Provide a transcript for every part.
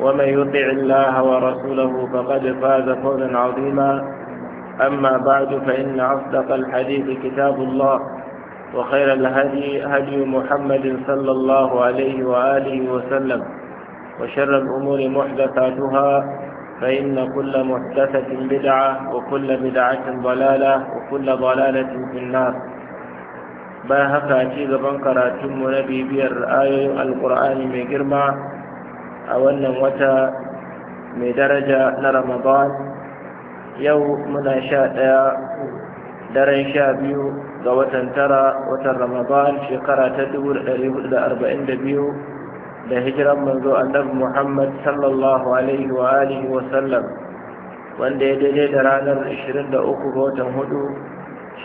ومن يطع الله ورسوله فقد فاز فوزا عظيما أما بعد فإن أصدق الحديث كتاب الله وخير الهدي هدي محمد صلى الله عليه وآله وسلم وشر الأمور محدثاتها فإن كل محدثة بدعة وكل بدعة ضلالة وكل ضلالة في النار باهك أجيب بنكرات تم نبي بير آية القرآن من جرمه a wannan wata mai daraja na ramadan yau muna sha ɗaya daren sha biyu ga watan tara watan ramadan shekara ta 1442 da hijiran manzo annabi muhammad sallallahu alaihi wa alihi wa sallam wanda ya daidai da ranar 23 ga watan hudu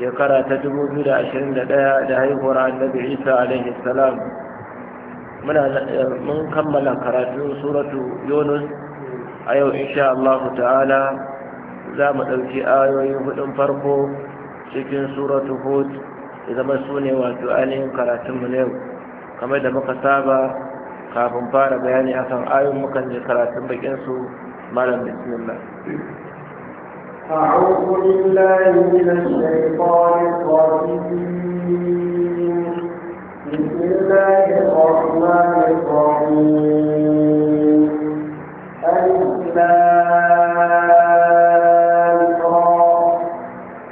shekara ta 2021 da haihuwar annabi isa alaihi salam Eh, mun kammala karatu suratu yunus a yau insha Allah ta'ala za mu ɗauki ayoyin hudun farko cikin suratu hud da zama su ne wato ainihin karatunmu na yau kamar da muka saba kafin fara bayani akan ayoyin mukan je karatun bakinsu malam bismillah أعوذ بالله من الشيطان الرجيم بسم الله الرحمن الرحيم الإسلام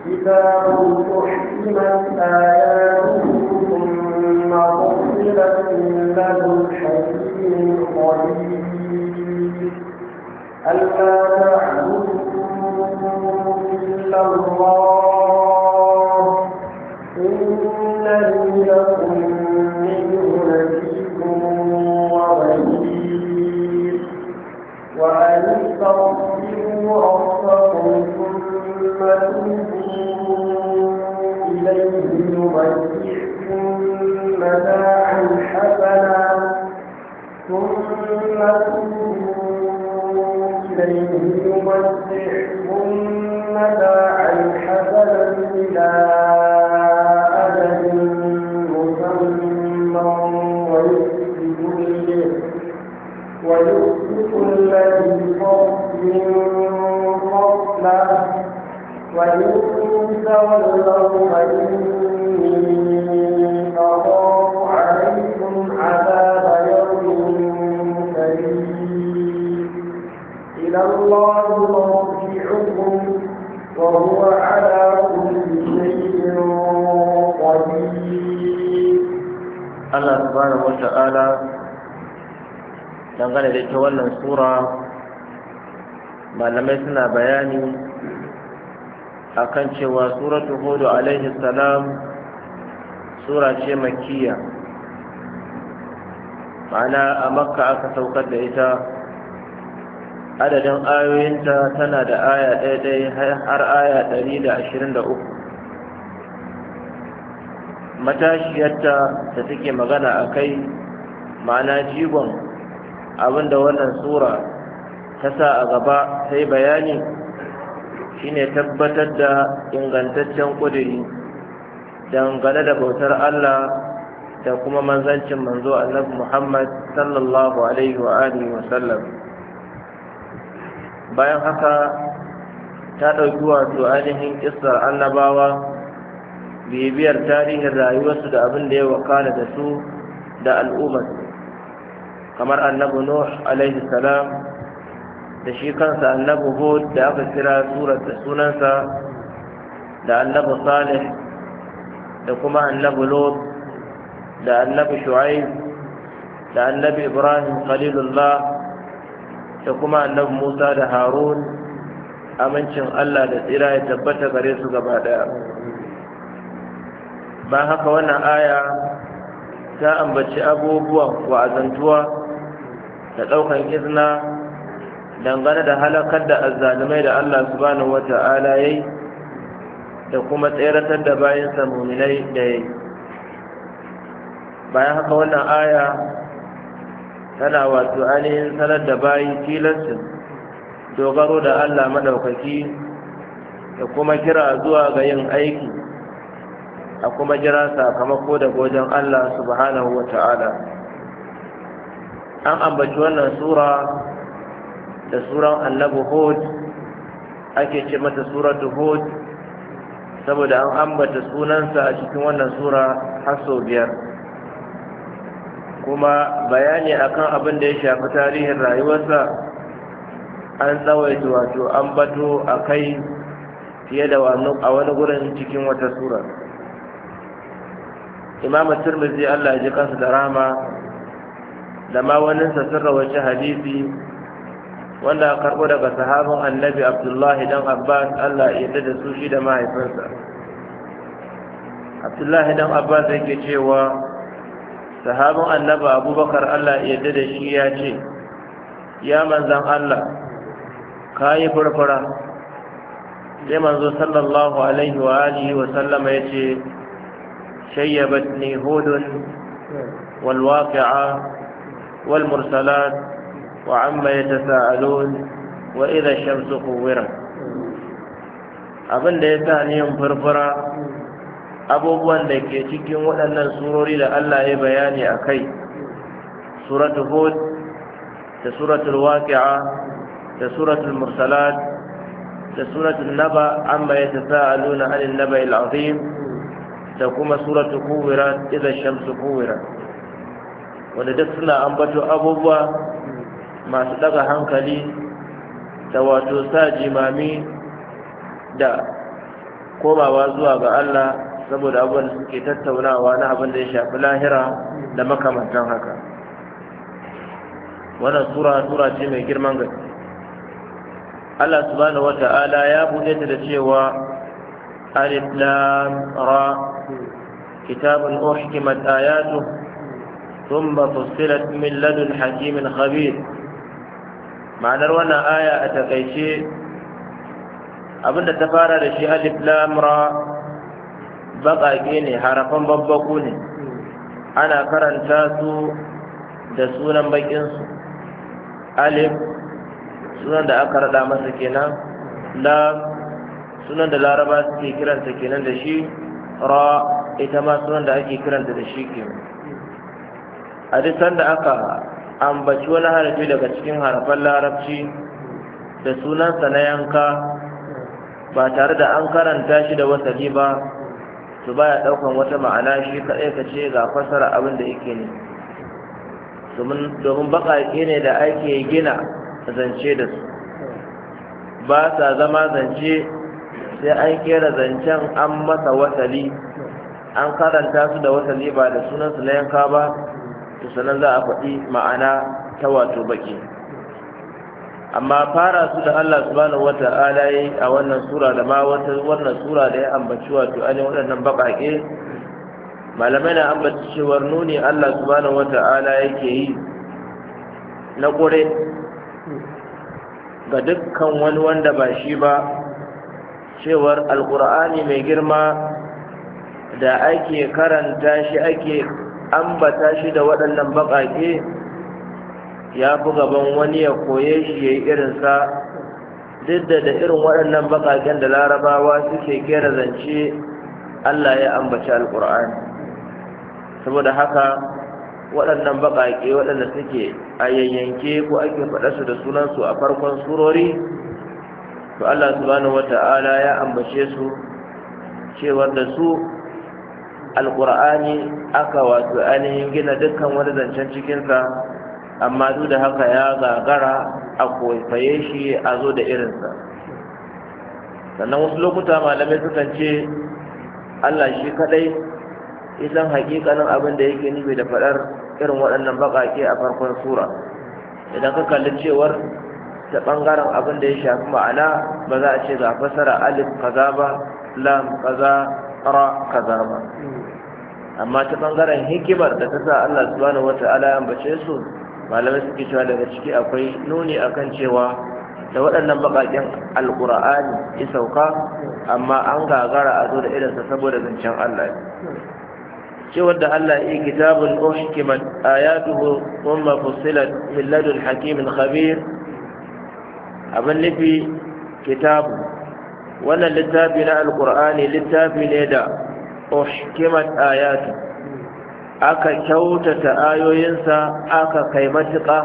كتاب أحكمت آياته ثم فصلت من لدن حكيم ألا تعبدوا إلا إليه يمتعكم متاعا حسنا إلى أجل مسمى ويؤتي كل ذي فضل فضله وإن وهو على كل dangane da ita wannan sura malamai suna bayani a kan cewa suratu hudu alaihi salam sura ce makiya ma'ana a makka aka saukar da ita adadin ayoyinta tana da aya ɗaiɗai har aya ɗari da ashirin da uku matashiyarta da take magana a kai ma'ana jigon abinda wannan sura ta sa a gaba ta yi bayani shine tabbatar da ingantaccen ƙuduri dangane da bautar Allah da kuma manzancin manzo annabi Muhammad sallallahu alaihi wa'adu bayan haka ta ɗauki wato ainihin ƙisar annabawa bibiyar tarihin rayuwarsu da abin da ya wakana da su da al'ummarsu kamar annabu nuh alaihi salam da shi kansa annabu hud da aka kira surar da sunansa da annabu salih da kuma annabu lot da annabu shu'aib da annabi ibrahim khalilullah da kuma annabi Musa da Harun amincin Allah da tsira ya tabbata gare su gaba daya ba haka wannan aya ta ambaci abubuwan wa'azantuwa da ɗaukan izina dangane da halakar da azzalumai da Allah subhanahu wata'ala yayi da kuma tseratar da bayan muminai da yayi bayan haka wannan aya tana wato ainihin sanar da bayi tilastin dogaro da Allah maɗaukaki da kuma kira zuwa ga yin aiki a kuma jira sakamako da wajen Allah subhanahu wa ta'ala an ambaci wannan sura da suran annabi hud ake ce mata suratu hud saboda an ambata sunansa a cikin wannan sura har sau biyar kuma bayani akan abin da ya shafi tarihin rayuwarsa an tsawaita wato an bato a kai fiye da a wani gurin cikin wata sura imamu turmizi allah ji kansa da rama da ma sa sun wace hadisi wanda a karɓo daga sahabin annabi abdullahi dan abbas allah yadda da su shi da mahaifinsa abdullahi dan abbas yake cewa sahabin annaba abubakar allah yadda da shi ya ce ya manzan allah ka yi furfura sai manzo sallallahu alaihi wa alihi wa sallama ya ce "Shayyabat shayyabatni hudun amma والمرسلات وعما يتساءلون وإذا الشمس قورت abin Abinda ya sa ni yin furfura abubuwan da ke cikin waɗannan surori da Allah ya bayani a kai suratul hud da suratul waqi'a da suratul mursalat da suratul naba amma yatasaaluna 'anil naba'il 'azim da kuma suratul kuwirat idza shamsu kuwirat wanda duk suna ambato abubuwa masu daga hankali da wato sa jimami da komawa zuwa ga Allah saboda abubuwan da suke tattaunawa na abin da ya shafi lahira da makamantan haka wannan tura-tura ce mai girman gaske Allah subhanahu wata'ala ya buɗe ta da cewa alif lam ra kitabun uhkimat ayatu thumma fussilat min ladun hakimin khabir ma'anar wannan aya a takaice abinda ta fara da shi alif lam ra baƙaƙe ne harafan babbaku ne ana karanta su da sunan baƙinsu alif sunan da aka rada masa kenan la sunan da laraba suke kiranta kenan da shi ra ita ma sunan da ake kiranta da shi kenan a duk sanda aka ambaci wani harafi daga cikin harafan larabci da sunansa na yanka ba tare da an karanta shi da wasali ba to baya daukan wata ma'ana shi kaɗai ka ce ga fasara abin da yake ne domin domin baƙaƙe ne da ake gina zance da su ba sa zama zance sai an kera zancen an masa wasali an karanta su da wasali ba da sunansu na yanka ba to sanan za a faɗi ma'ana ta wato baƙi amma fara su da Allah subhanahu wata'ala yi a wannan sura da ma wannan sura da ya ambaci wato an waɗannan baƙaƙe malamai na ambaci cewar nuni Allah subhanahu wata'ala yake yi na ƙure ga dukkan wani wanda ba shi ba cewar alƙur'ani mai girma da ake karanta shi ake ambata shi da waɗannan baƙaƙe ya fi gaban wani ya koye shi ya yi irinsa duk da da irin waɗannan baƙaƙen da larabawa suke kera zance allah ya ambaci alƙur'ani saboda haka waɗannan baƙaƙe waɗanda suke a yayyanke ko ake su da sunansu a farkon surori to allah subhanahu wata'ala ya ambace su cewar da su alƙur'ani aka wato ainihin gina dukkan wani zancen cikinsa amma duk da haka ya gagara a kwaikwaye shi a zo da irinsa sannan wasu lokuta malamai sukan ce allah shi kadai isan hakikanin abin da yake nufi da faɗar irin waɗannan baƙaƙe a farkon sura idan ka kalli cewar ta ɓangaren abin da ya shafi ma'ana ba za a ce ga fasara alif kaza ba lam kaza ra kaza ba amma ta ɓangaren hikimar da ta sa allah subhanahu wata'ala ya ambace su malamai suke cewa daga ciki akwai nuni akan cewa da waɗannan baƙaƙen alkur'ani ya sauka amma an gagara a zo da irinsa saboda zancen Allah cewar da Allah yi kitabun uhkimat ayatuhu kuma fusilat min ladun hakimin khabir abin nufi kitabu wannan littafi na alƙur'ani littafi ne da uhkimat ayatu aka kyautata ayoyinsa aka kai matuƙa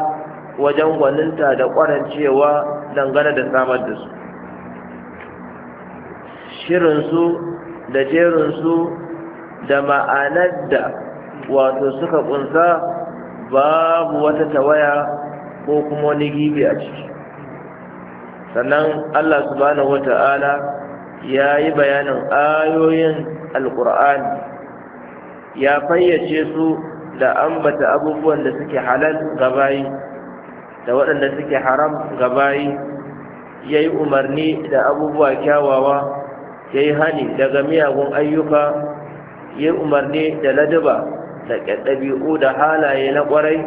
wajen gwaninta da ƙwarancewa dangane da samar da su shirinsu da jerinsu da ma'anar da wato suka ƙunsa babu wata tawaya ko kuma wani gibi a ciki sannan allah subhanahu ta'ala ya yi bayanin ayoyin alƙur'ani ya fayyace su da ambata abubuwan da suke halal gabayi da waɗanda suke haram gabayi ya yi umarni da abubuwa kyawawa ya yi hani daga miyagun ayyuka ya yi umarni da ladaba da ɗabi'u da halaye na ƙwarai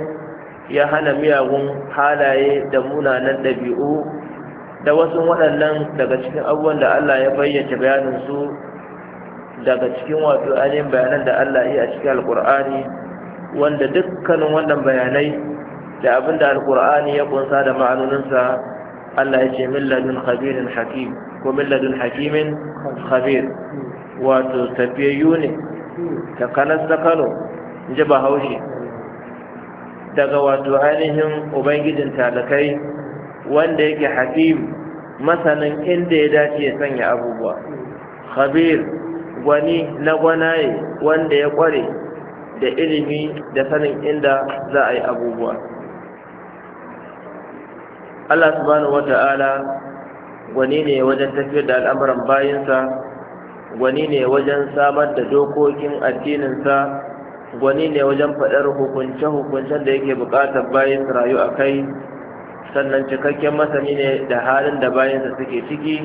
ya hana miyagun halaye da munanan ɗabi'u da wasu waɗannan daga cikin abubuwan da Allah ya bayyana bayaninsu daga cikin wato ainihin bayanan da Allah ya a cikin alkur'ani wanda dukkanin wannan bayanai da abin da alkur'ani ya kunsa da ma'anoninsa Allah ya ce milladun khabirin hakim ko milladun hakimin khabir wato tafiyayyu ne ta kanas da kano ji bahaushe daga wato ainihin ubangijin talakai wanda yake hakim masanin inda ya dace ya sanya abubuwa khabir gwani na gwanaye wanda ya kware da ilimi da sanin inda za a yi abubuwa Allah subhanahu wata'ala gwani ne wajen tafiyar da al'amuran bayansa, gwani ne wajen samar da dokokin addininsa gwani ne wajen faɗar hukunce-hukuncen da yake buƙatar bayan rayu a kai sannan cikakken masani ne da halin da bayansa suke ciki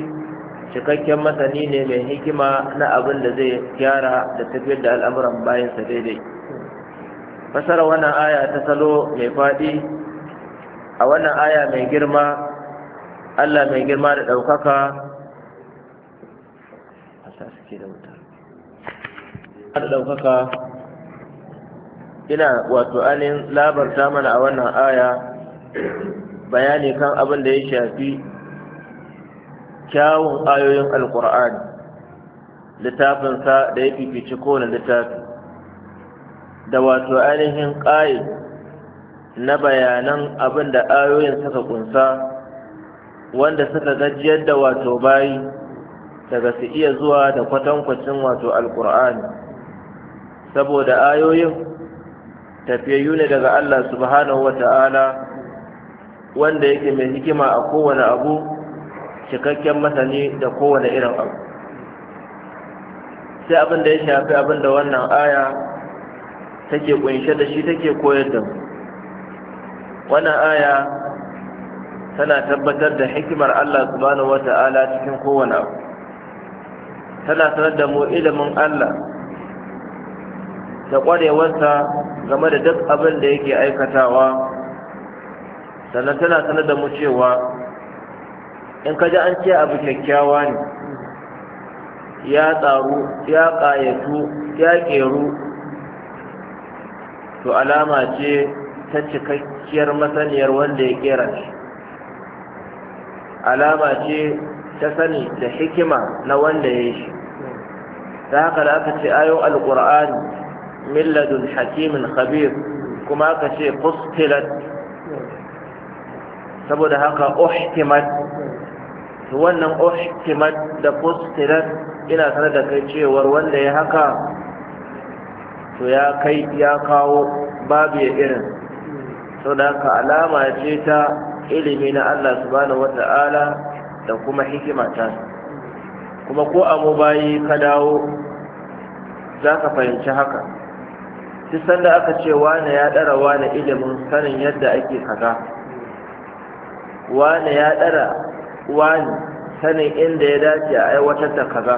cikakken masani ne mai hikima na abin da zai gyara da tafiyar da al'amuran bayansa daidai fasara wannan aya ta salo mai faɗi a wannan aya mai girma allah mai girma da ɗaukaka da ɗaukaka ina wato anin labarta mana a wannan aya bayani kan abin da ya shafi kyawun ayoyin alkur'ani littafinsa da ya fifici kowane littafi da wato ainihin ƙayi na bayanan abin da ayoyin suka kunsa wanda suka gajiyar da wato bayi daga su iya zuwa da kwatankwacin wato alkur'ani saboda ayoyin tafiyayyu ne daga Allah subhanahu wa ta'ala wanda yake mai hikima a kowane abu cikakken masani da kowane irin abu sai abin da ya shafi abin da wannan aya take kunshe da shi take koyar da mu wannan aya tana tabbatar da hikimar Allah subhanahu wata'ala cikin kowane abu tana sanar da mu ilimin Allah da ƙwarewarsa game da duk abin da yake aikatawa sannan tana sanar da mu cewa in ka ji an ce abu kyakkyawa ne ya tsaru ya ƙayatu ya ƙeru to alama ce ta cikakkiyar masaniyar wanda ya ƙera shi alama ce ta sani da hikima na wanda ya yi shi ta haka da aka ce ayon alƙur'ani milladun hakimin khabir kuma aka ce fustilat saboda haka ohtimat to wannan uhkimat da fustirat ina sanar da kai cewar wanda ya haka to ya kai ya kawo babu ya irin to da haka alama ce ta ilimi na Allah subhanahu wata'ala da kuma hikima ta kuma ko a bayi ka dawo za ka fahimci haka duk sanda aka ce wane ya ɗara wane ilimin sanin yadda ake kaza wane ya ɗara wani sanin inda ya dace a aiwatar da kaza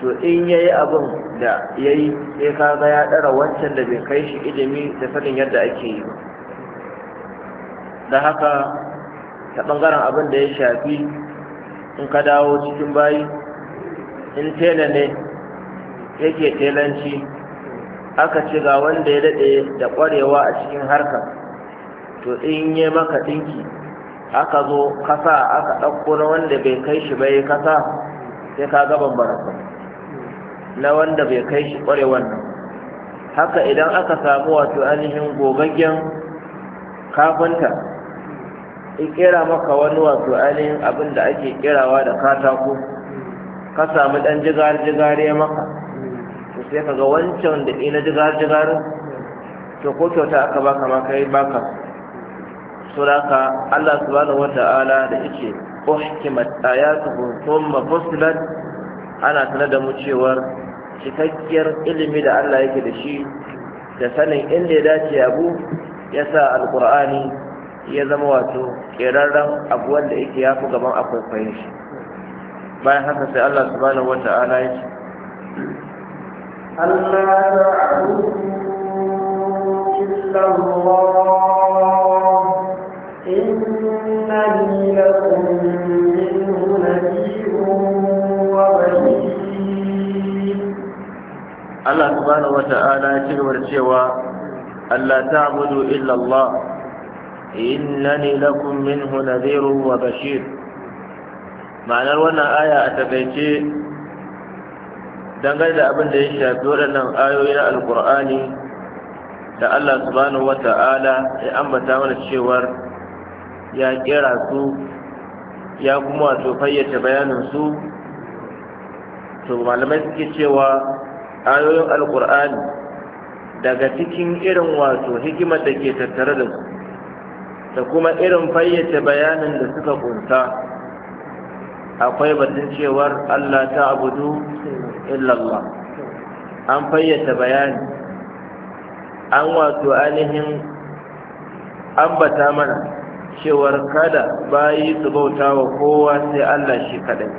to in ya yi abin da ya yi sai kaga ya ɗara wancan da bai kai shi ilimi da sanin yadda ake yi da haka ta ɓangaren abin da ya shafi in ka dawo cikin bayi in tela ne yake telanci aka ce ga wanda ya daɗe da ƙwarewa a cikin harka to in yi maka ɗinki aka zo kasa aka ɗauko na wanda bai kai shi bai kasa sai ka ga barasa, na wanda bai kai shi ƙware wannan haka idan aka samu wato ainihin gogaggen kafinta in kera maka wani wato ainihin abin da ake kerawa da katako ka samu ɗan jigar-jigare maka to sai ka ga wancan da ina jigar-jigarin to ko kyauta aka baka ma kai baka suraka Allah subhanahu wata'ala da yake uhkimat ayatuhu thumma fusilat ana sanar da mu cewar cikakkiyar ilimi da Allah yake da shi da sanin inda ya dace abu ya sa alkur'ani ya zama wato ƙerarren abu wanda yake ya fi gaban akwai shi bayan haka sai Allah subhanahu wa ta'ala ya ce Allah ta'budu illa Allah Allah subhanahu wata'ala ya ci gaba cewa Allah ta'budu illa Allah innani lakum minhu wa bashir ma'anar wannan aya a takaice dangane da abin da ya shafi waɗannan ayoyi na alkur'ani da Allah subhanahu wata'ala ya ambata mana cewar ya kera su ya kuma wato fayyace bayanin su to malamai suke cewa ayoyin alkur'ani daga cikin irin wato hikimar da ke tattare da su da kuma irin fayyace bayanin da suka kunta akwai batun cewar Allah ta abudu illallah an fayyace bayani an wato ainihin ambata mana cewar kada bayi su bauta wa kowa sai Allah shi kadai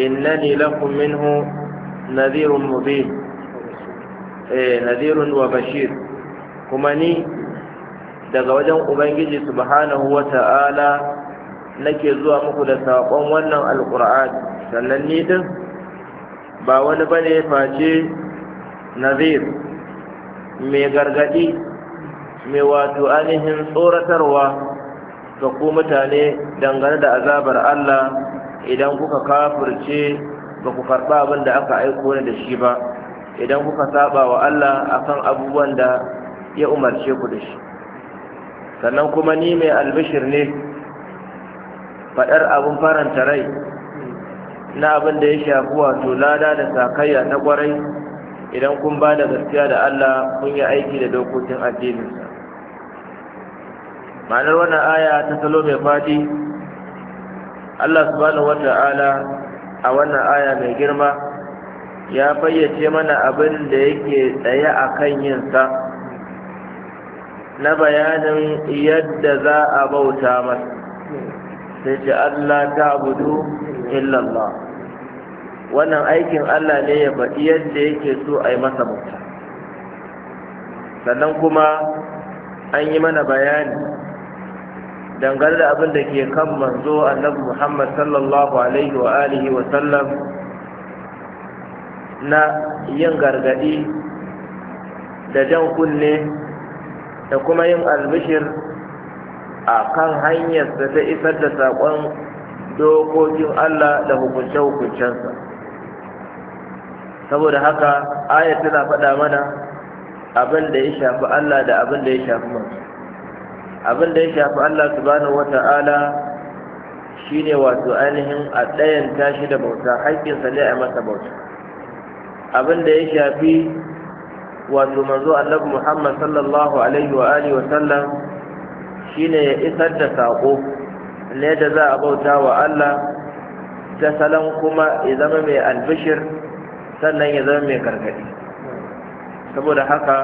innani lakum minhu nadhir mubin eh, wa bashir kuma ni daga wajen ubangiji subhanahu wa ta'ala nake zuwa muku da sakon wannan Alƙur'ani, sannan ni din ba wani bane face Nazir, mai gargadi mai wato ainihin tsoratarwa ga ku mutane dangane da azabar Allah idan kuka kafirce ba ku karɓa abin da aka aiko ni da shi ba idan kuka saba wa Allah akan abubuwan da ya umarce ku da shi sannan kuma ni mai albishir ne faɗar abin faranta rai na abin da ya shafi wato lada da sakayya na ƙwarai idan kun ba da gaskiya da Allah kun yi aiki da dokokin addininsa ma'anar wannan aya ta salo mai fadi Allah subhanahu wata'ala a wannan aya mai girma ya fayyace mana abin da yake tsaye a kan yinsa na bayanin yadda za a bauta masa sai ce Allah ta Budu, illallah wannan aikin Allah ne ya faɗi yadda yake so a yi masa bauta sannan kuma an yi mana bayani dangane da abin da ke kan manzo annabi Muhammad sallallahu alaihi wa alihi wa sallam na yin gargadi da jan kunne da kuma yin albishir a kan hanyar da ta isar da sakon dokokin Allah da hukunce-hukuncensa saboda haka ayat tana faɗa mana abin da ya shafi Allah da abin da ya shafi manzo abin da ya shafi Allah subhanahu wata'ala shine wato ainihin a ɗayan tashi da bauta haƙƙinsa ne a masa bauta abin da ya shafi wato manzo annabi Muhammad sallallahu alaihi wa alihi wa sallam shine ya isar da saƙo ne da za a bauta wa Allah ta salon kuma ya zama mai albishir sannan ya zama mai gargaɗi saboda haka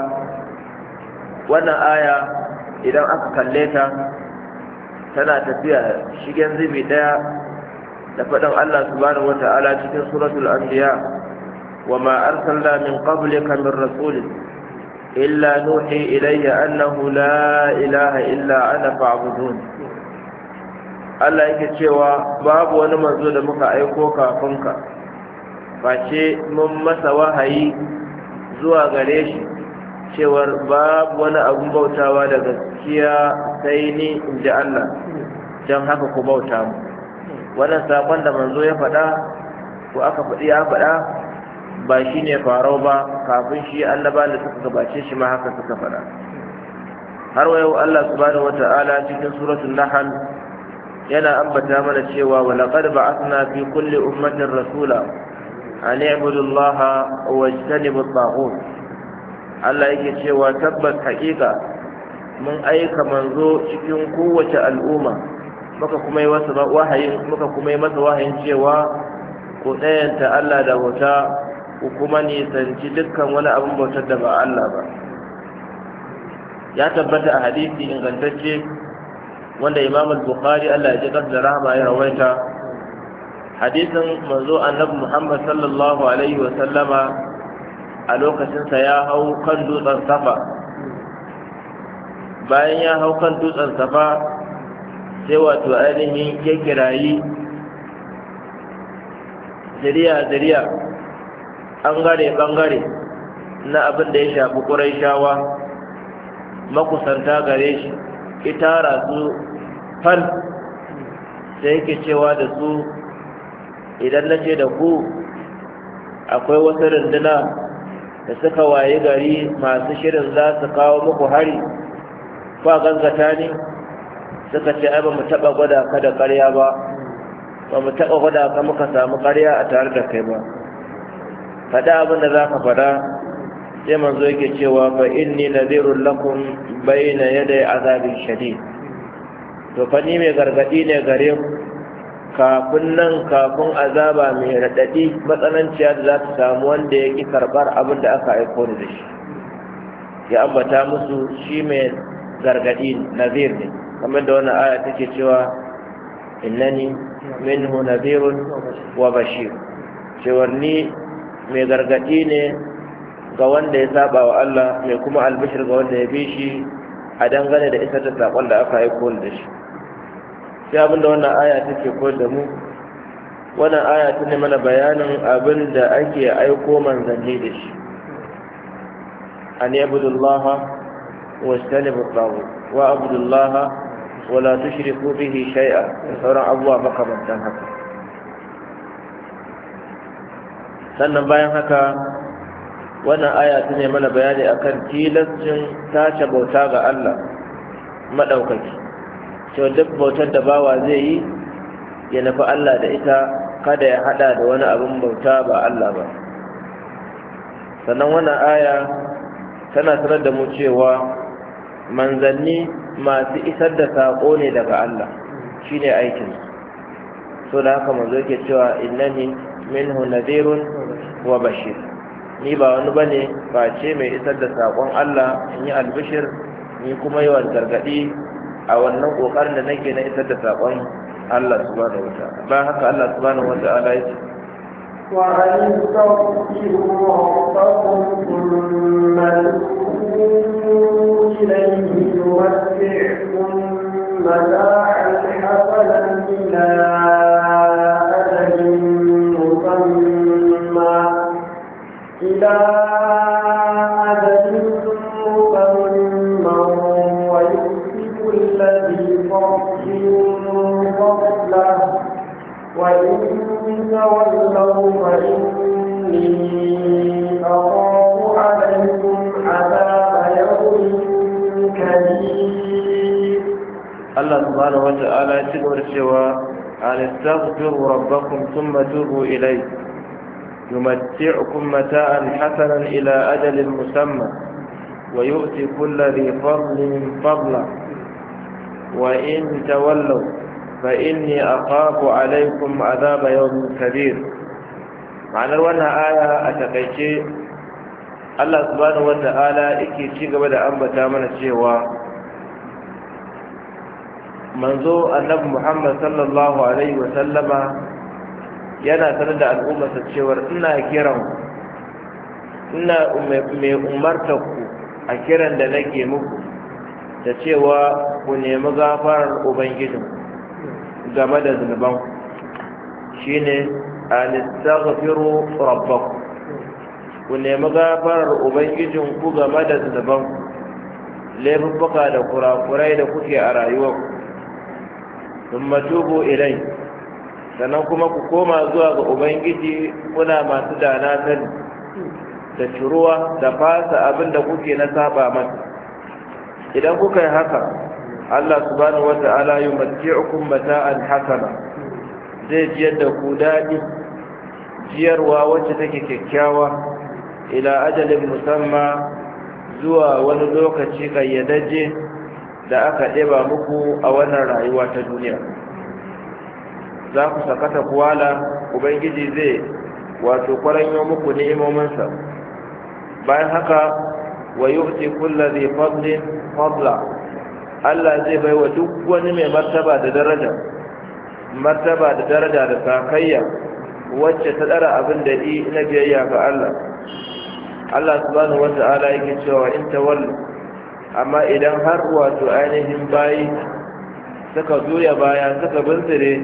wannan aya idan aka kalle ta tana tafiya shigen zubi daya da faɗin Allah subhanahu wata'ala cikin suratul anbiya wa ma arsalna min qablika min rasul illa nuhi ilayya annahu la ilaha illa ana fa'budun Allah yake cewa babu wani manzo da muka aiko kafin ka face mun masa wahayi zuwa gare shi cewar babu wani abun bautawa da gaskiya sai ni in ji Allah don haka ku bauta mu wannan sakon da manzo ya faɗa ko aka faɗi ya faɗa ba shi ne farau ba kafin shi annaba da suka gabace shi ma haka suka faɗa har wa yau Allah subhanahu wata'ala cikin suratul nahl yana ambata mana cewa wa laqad ba'athna fi kulli ummatin rasula an i'budu allaha wa ijtanibu at-taghut Allah yake cewa tabbas haƙiƙa mun aika manzo cikin kowace al'umma muka kuma yi masa wahayin muka kuma yi masa wahayin cewa ku tsayanta Allah da wuta ku kuma nisanci dukkan wani abin bautar da ba Allah ba ya tabbata a hadisi ingantacce wanda Imam al-Bukhari Allah ya ji da rahama ya rawaita hadisin manzo annabi Muhammad sallallahu alaihi wa sallama a lokacinsa ya hau kan dutsen safa bayan ya hau kan dutsen safa sai wato ainihin ya kirayi ziriya-ziriya ɓangare-ɓangare na abin da ya shafi ƙurai shawa makusanta gare shi itara su fal sai yake cewa da su idan na ce da ku akwai wasu runduna da suka waye gari masu shirin za su kawo muku hari fa gangata ne suka ce ai ba mu taɓa gwada ka da ƙarya ba ba mu taɓa gwada ka muka samu ƙarya a tare da kai ba faɗa abin da za ka faɗa sai manzo yake cewa fa inni nadhirul lakum bayna yaday azabin shadid to fa ni mai gargadi ne gare ku kafin nan kafin azaba mai raɗaɗi matsananciya da za ta samu wanda ya ƙi karɓar abin da aka aiko da shi ya ambata musu shi mai gargaɗi nazir ne kamar da wani aya take cewa innani minhu nazirun wa bashir cewar ni mai gargaɗi ne ga wanda ya saba wa Allah mai kuma albishir ga wanda ya bi shi a dangane da isar da saƙon da aka aiko da shi sai abinda wannan aya take koyar da mu wannan aya ta ne mana bayanin abin da ake aiko manzanni da shi an yi abudullaha wa stanibu tsawo wa abudullaha wa la tushriku bihi shay'a da sauran abubuwa makamantan haka sannan bayan haka wannan aya ta ne mana bayani akan tilascin tace bauta ga Allah maɗaukaki To duk bautar da bawa zai yi ya nafi Allah da ita kada ya hada da wani abin bauta ba Allah ba sannan wannan aya tana sanar da mu cewa manzanni masu isar da sako ne daga Allah shine aikin so da haka manzo yake cewa innani minhu nadirun wa bashir ni ba wani bane face mai isar da sakon Allah in yi albishir ni kuma yawan gargadi a wannan kokarin da nake na isar da sakon Allah subhanahu wataala ba haka Allah subhanahu wataala ya ce وأن تغفروا ربكم ثم تؤمنوا إليه يمتعكم متاعا حسنا إلى أجل مسمى إلى subhanahu wa ta'ala ya ci gaba da cewa an istaghfiru rabbakum thumma tubu ilayhi يمتعكم متاعا حسنا إلى أجل مسمى ويؤتي كل ذي فضل فضلا وإن تولوا فإني أخاف عليكم عذاب يوم Kabir. ma'anar wannan aya a takaice Allah subhanahu wata'ala yake ci gaba da ambata mana cewa manzo annabi muhammad sallallahu alaihi wa sallama yana sanar da al'ummarsa cewar ina kiran ina mai umartar ku a kiran da nake muku da cewa ku nemi gafarar ubangijin game da zunuban shine alistaghfiru rabbakum ku nemi gafarar ubangijin ku game da zunuban laifuffuka da kurakurai da kuke a rayuwarku thumma tubu ilai sannan kuma ku koma zuwa ga ubangiji kuna masu dana sani da shiruwa da fasa abinda kuke na saba masa idan kuka yi haka Allah subhanahu wata'ala yumatti'ukum mata'an hasana zai jiyar da ku daɗi jiyarwa wacce take kyakkyawa ila ajalin musamma zuwa wani lokaci kayyadaje da aka ɗeba muku a wannan rayuwa ta duniya za ku sakata kuwala ubangiji zai wato kwaranyo muku ni'imominsa bayan haka wa yu'ti kulli fadlin fadla Allah zai bai wa duk wani mai martaba da daraja martaba da daraja da sakayya wacce ta tsara abin da yi na biyayya ga Allah Allah subhanahu wata'ala yake cewa in tawallu amma idan har wato ainihin bayi suka zuya baya suka bintsire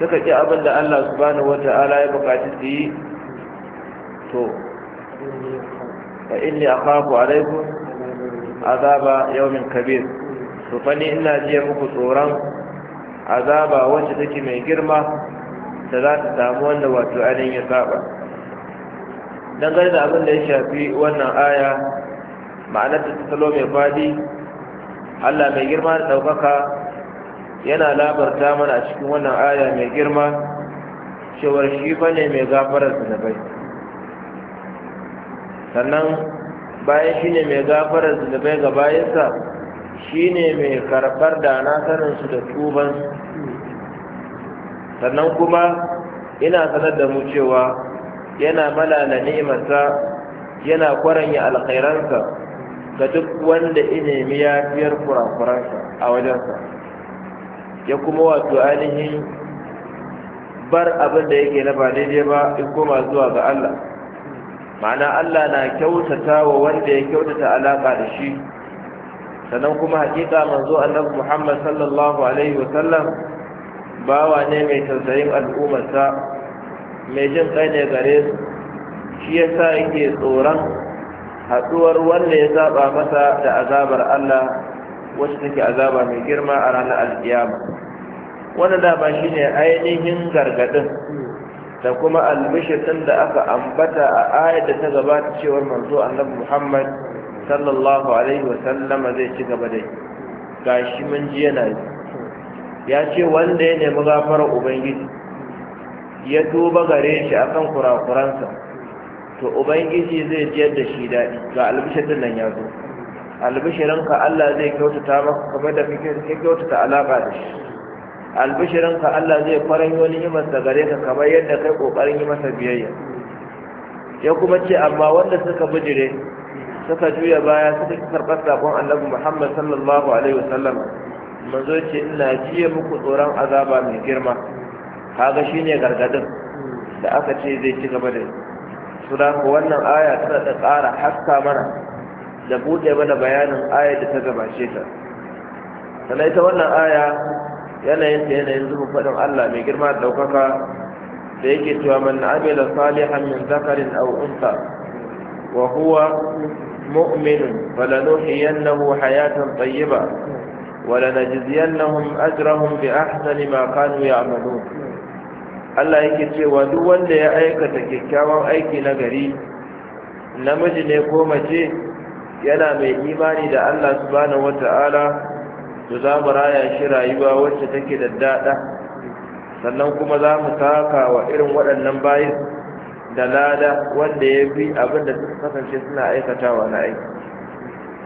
suka ƙi abin da Allah subhanahu ta'ala ya bukaci su yi to a inni akhafu alaikum azaba yawmin kabir to fa ni ina jiya muku tsoron azaba wacce take mai girma da za ta samu wanda wato ainihin ya saba dangane da abin da ya shafi wannan aya ma'anar ta salo mai fadi Allah mai girma da ɗaukaka yana labarta mana a cikin wannan aya mai girma cewar shi bane mai gafarar zunubai sannan bayan shi ne mai gafarar zunubai ga bayansa shi ne mai karɓar da na saninsu da tubansu sannan kuma ina sanar da mu cewa yana malala ni'imarsa yana kwaranya alkhairansa ga duk wanda inemi yafiyar kurakuransa a wajensa ya kuma wato ainihin bar abin da yake na ba daidai ba in koma zuwa ga Allah ma'ana Allah na kyautata wa wanda ya kyautata alaƙa da shi sannan kuma hakika manzo Allah Muhammad sallallahu alaihi wa sallam bawa ne mai tausayin al'ummarsa mai jin kai ne gare su shi yasa yake tsoron haɗuwar wanda ya saba masa da azabar Allah wacce take azaba mai girma a ranar alkiyama wanda dama shi ne ainihin gargaɗin da kuma albishirin da aka ambata a ayar da ta gabata cewar manzo annabi Muhammad sallallahu alaihi wa zai ci gaba da gashi mun ji yana ya ce wanda ya nemi gafarar ubangiji ya tuba gare shi akan kurakuransa to ubangiji zai jiyar da shi daɗi ga din nan ya zo albishirinka Allah zai kyautata maka kuma da kake kyautata alaƙa da shi albishirinka Allah zai faranyo ni'imarsa gare ka kamar yadda kai ƙoƙarin yi masa biyayya ya kuma ce amma wanda suka bijire suka juya baya suka karɓar sabon annabi Muhammad sallallahu alaihi wasallam manzo ce ina jiye muku tsoron azaba mai girma kaga shine gargadin da aka ce zai ci gaba da su wannan aya tana da ƙara haska mana da buɗe mana bayanin ayar da ta gabashe ta sannan ita wannan aya yanayin ta yanayin zuba faɗin Allah mai girma da ɗaukaka da yake cewa man amila salihan min zakarin aw unsa wa huwa mu'minun falanuhiyannahu hayatan tayyiba ولنجزينهم أجرهم بأحسن ما كانوا يعملون Allah yake cewa duk wanda ya aikata kyakkyawan aiki na gari namiji ne ko mace yana mai imani da Allah subhanahu wata'ala to za mu raya shi rayuwa wacce take da dada sannan kuma za mu saka wa irin waɗannan bayin da lada wanda ya bi abin da suka kasance suna aikatawa na aiki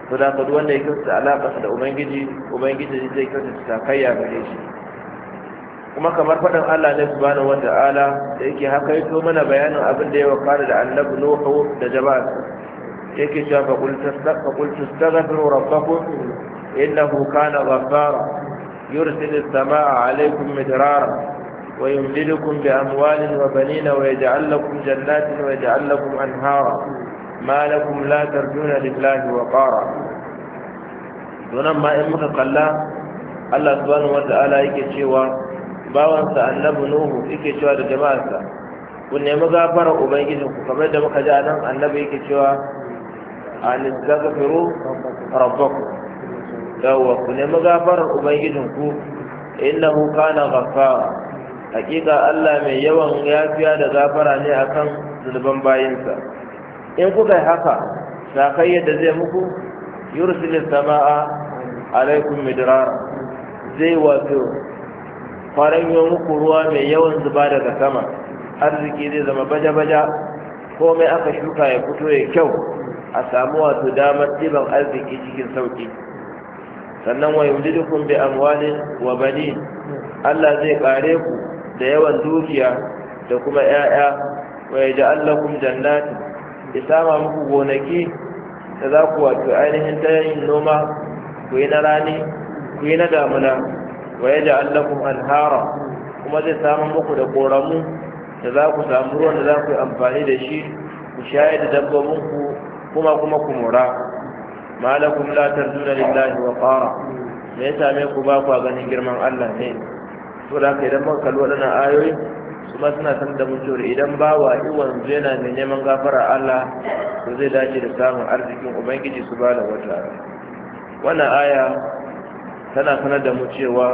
to da duk wanda ya kyautata alaƙa da ubangiji ubangiji zai kyautata takayya gare shi kuma kamar faɗin Allah ne su bani subhanahu wata'ala da yake haka yi to mana bayanin abin da ya wakana da annabi Nuhu da jama'ar yake cewa fa qul tastaghfiru rabbakum innahu kana ghaffara yursilu as-samaa'a 'alaykum midrara wa yumdidukum bi amwalin wa banina wa yaj'al lakum jannatin wa yaj'al lakum anhara ma lakum la tarjuna lillahi waqara donan ma in muka kalla Allah subhanahu wata'ala yake cewa bawansa annabi nuhu yake cewa da jama'arsa ku nemi gafara ubangijin ku kamar da muka ji a nan annabi yake cewa a zaghfiru rabbakum yawwa ku nemi gafarar ubangijin ku innahu kana ghaffara hakika Allah mai yawan yafiya da gafara ne akan zunuban bayinsa in kuka haka kai yadda zai muku yursilis sama'a alaikum midrar zai wato kwaran yi muku ruwa mai yawan zuba daga sama arziki zai zama baja-baja komai aka shuka ya fito ya kyau a samu wato damar ɗiban arziki cikin sauƙi sannan wa yumdidukum bi amwalin wa bani Allah zai kare ku da yawan dukiya da kuma 'ya'ya wa yaj'al lakum jannati isama muku gonaki da za ku wato ainihin ta yin noma ku yi na rani ku yi na damuna wa ya ja'al lakum anhara kuma zai samu muku da koramu da za ku samu ruwan da za ku yi amfani da shi ku shayar da dabbobinku kuma kuma ku mura malakum la tarjuna lillahi wa qara me ya same ku ba ku ganin girman Allah ne to da kai idan muka kalli waɗannan ayoyi kuma suna san da mun cewa idan ba bawa iwan yana mai neman gafara Allah to zai dace da samun arzikin ubangiji subhanahu ta'ala wannan aya tana sanar da mu cewa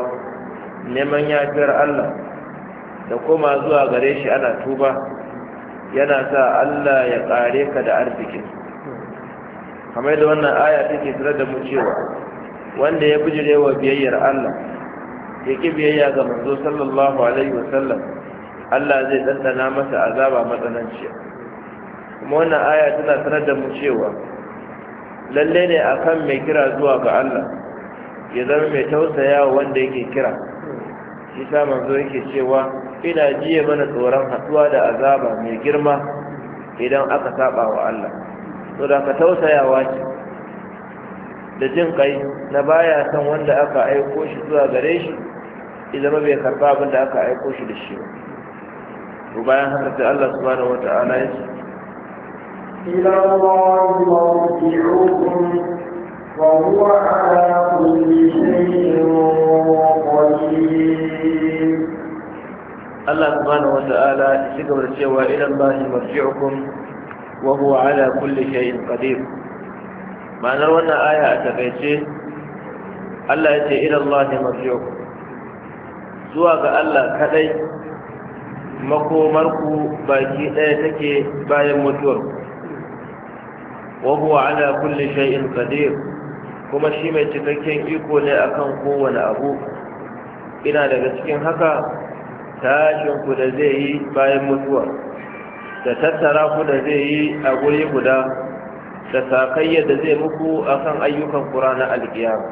neman yafiyar Allah da koma zuwa gare shi ana tuba yana sa Allah ya kare ka da arzikin kamar da wannan aya take sanar da mu cewa wanda ya bijire wa biyayyar Allah ya ki biyayya ga manzo sallallahu alaihi wasallam Allah zai dandana masa azaba matsananciya kuma wannan aya tana sanar da mu cewa lalle ne akan mai kira zuwa ga Allah ya zama mai tausaya wanda yake kira shi sa manzo yake cewa ina jiye mana tsoron haɗuwa da azaba mai girma idan aka saba wa Allah to da ka tausayawa ce da jin kai na baya san wanda aka aiko shi zuwa gare shi idan bai karba abin da aka aiko shi da shi ba bayan haka sai Allah subhanahu wataala ya ce إلى الله مرجعكم وهو على كل شيء قدير الله سبحانه وتعالى يقول الشيوى إلى الله مرجعكم وهو على كل شيء قدير ma'anar wannan aya a takaice Allah ya ce ilallah ne mafiyau zuwa ga Allah kaɗai makomarku baki ɗaya take bayan mutuwar wa huwa ala kulli shay'in qadir kuma shi mai cikakken iko ne akan kowane abu ina daga cikin haka tashin ku da zai yi bayan mutuwa da tattara ku da zai yi a guri guda da sakayya da zai muku akan ayyukan kura na alkiyama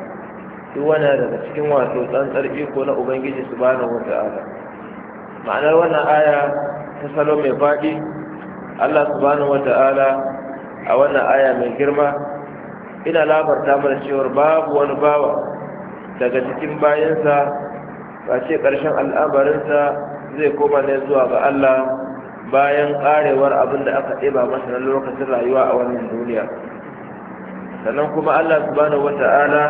duk wani daga cikin wato tsantsar iko na ubangiji subhanahu wata'ala ma'anar wannan aya ta salo mai faɗi allah subhanahu wata'ala a wannan aya mai girma ina labarta mana cewar babu wani bawa daga cikin bayansa ba ce ƙarshen al'amarinsa zai koma ne zuwa ga Allah bayan ƙarewar abin da aka ɗeba masa na lokacin rayuwa a wannan duniya sannan kuma Allah subhanahu wata'ala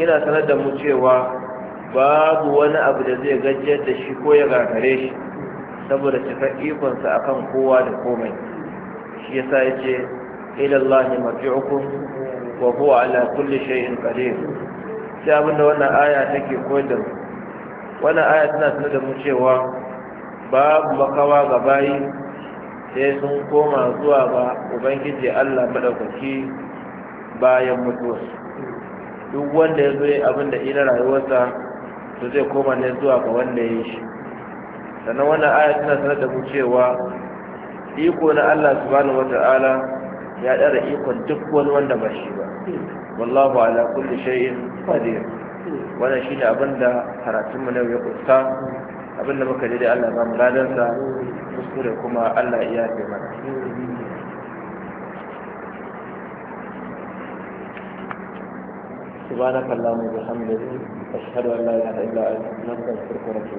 yana sanar da mu cewa babu wani abu da zai gajiyar da shi ko ya gagare shi saboda cikar ikonsa akan kowa da komai shi yasa yace ilallahi Allah marji'ukum wa huwa ala kulli shay'in qadir sai abinda wannan aya take koyar da wannan aya tana sanar da mu cewa babu makawa ga bayi sai sun koma zuwa ga ubangiji Allah madaukaki bayan mutuwa duk wanda ya zo ya abin da ina rayuwarsa to zai koma ne zuwa ga wanda ya yi shi sannan wannan aya tana sanar da mu cewa iko na Allah subhanahu wata'ala ya ɗara ikon duk wani wanda ba shi ba wallahu ala kulli shay'in qadir wannan shine abin da karatun mu ya kusa abin da muka dai Allah ba mu ladan sa kuskure kuma Allah iya yafe mana سبحانك اللهم وبحمدك أشهد أن لا إله إلا أنت نستغفرك ونتوب